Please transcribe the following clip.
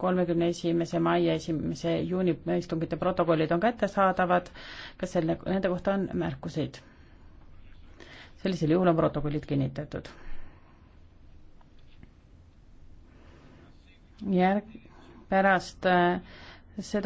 kolmekümne esimese mai ja esimese juuni istungite protokollid on kättesaadavad. kas selle, nende kohta on märkuseid? sellisel juhul on protokollid kinnitatud. järg, pärast äh, seda